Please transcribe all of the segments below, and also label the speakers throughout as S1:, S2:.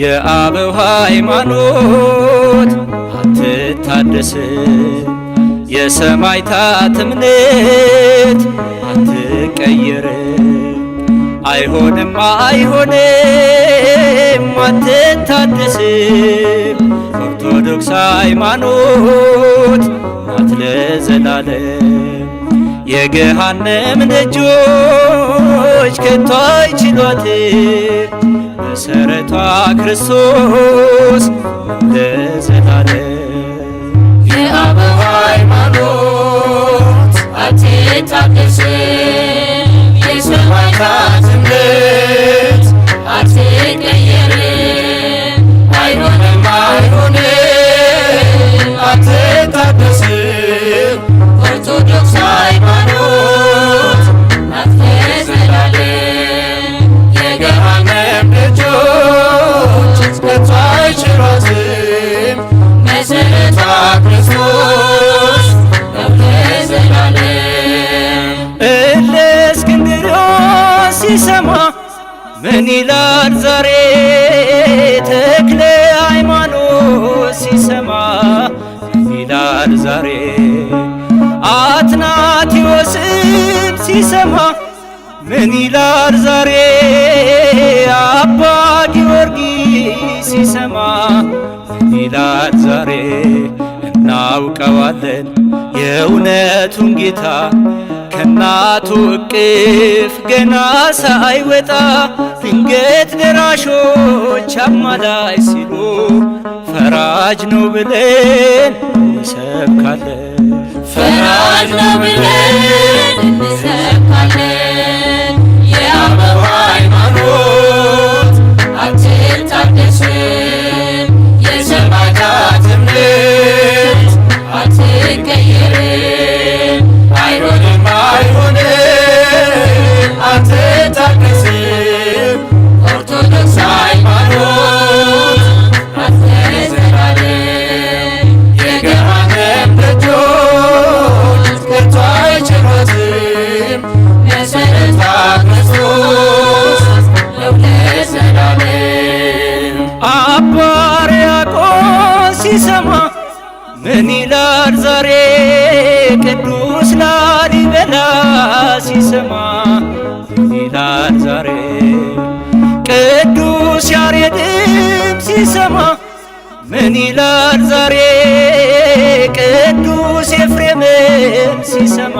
S1: የአበው ሃይማኖት አትታደስም የሰማዕታት እምነት አትቀየርም። አይሆንም አይሆንም አትታደስም። ኦርቶዶክስ ሃይማኖት ናት ለዘላለም። የገሃነም ደጆች ከቶ አይችሏትም። መሰረቷ ክርስቶስ ለዘላለም
S2: ስም ሲሰማ ምን ይላል ዛሬ አባ ጊዮርጊስ ሲሰማ ምን ይላል ዛሬ እናውቀዋለን የእውነቱን ጌታ ከእናቱ እቅፍ ገና ሳይወጣ ድንገት ደራሾች አማላይ ሲሉ ፈራጅ ነው ብለን እንሰብካለን።
S3: ፈራጅ ነው ብለን እንሰብካለን።
S2: ሲሰማ ምን ይላል ዛሬ ቅዱስ ላሊበላ ሲሰማ ምን ይላል ዛሬ ቅዱስ ያሬድም ሲሰማ ምን ይላል ዛሬ ቅዱስ ኤፍሬምም ሲሰማ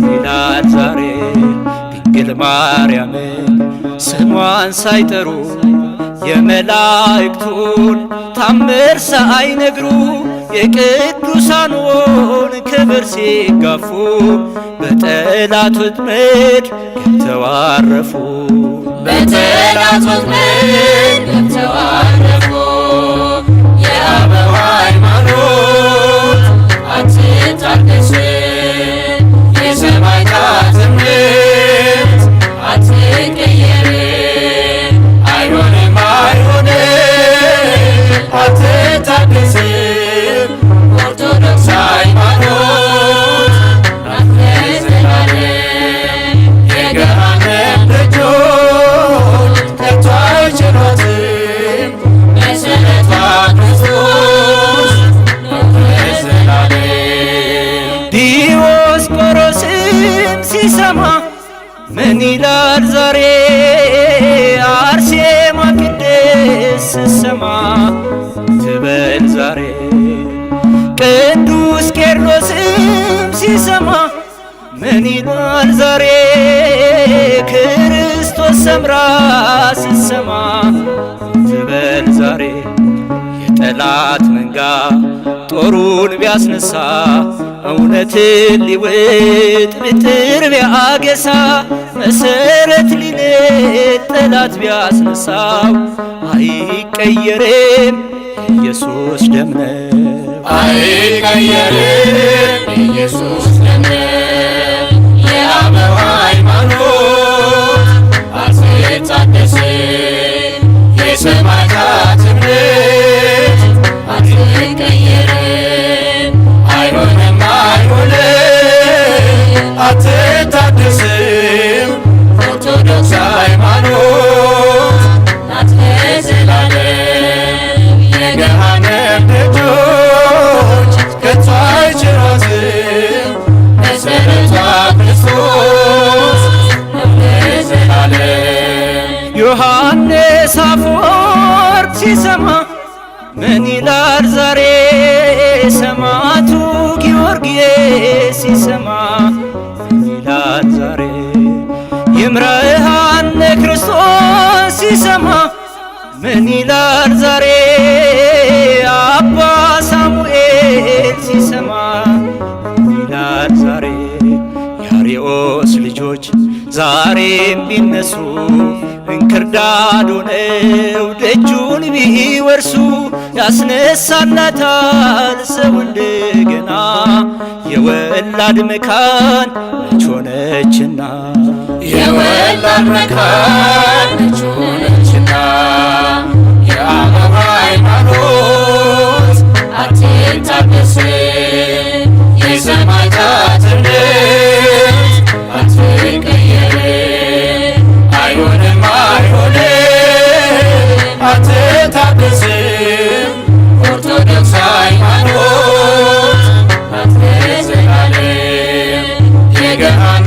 S2: ምን ይላል ዛሬ ድንግል ማርያምን ስሟን ሳይጠሩ የመላእክቱን ታምር ሳይነግሩ የቅዱሳኑን ክብር ሲጋፉ በጠላት ወጥመድ ገብተው
S3: በጠላት ወጥመድ ገብተው የአበው ሃይማኖት
S2: ዛሬ። ቅዱስ ቄርሎስም ሲሰማ ምን ይላል ዛሬ? ክርስቶስ ሰምራ ሲሰማ ትበል ዛሬ። የጠላት መንጋ ጦሩን ቢያስነሳ እውነትን ሊውጥ ምጥር ቢያገሳ መሰረት ሊሌ ጠላት ቢያስነሳው አይቀየሬም የኢየሱስ ደም ነው
S3: አይቀየርም። የኢየሱስ ደም ነው የአበው ሃይማኖት አትታደስ የሰማዕታት እምነት አትቀየርም። አይሆንም አይሆንም አት
S2: ዮሐንስ አፈወርቅ ሲሰማ ምን ይላል ዛሬ ሰማዕቱ ጊዮርጊስ ሲሰማ ምን ይላል ዛሬ ይምረሃነ ክርስቶስ ሲሰማ ምን ይላል ዛሬ ዛሬም ቢነሱ እንክርዳዱ ነው ደጁን ቢወርሱ ያስነሳላታል ሰው እንደገና የወላድ መካን መች ሆነችና
S3: የወላድ መካን ነገ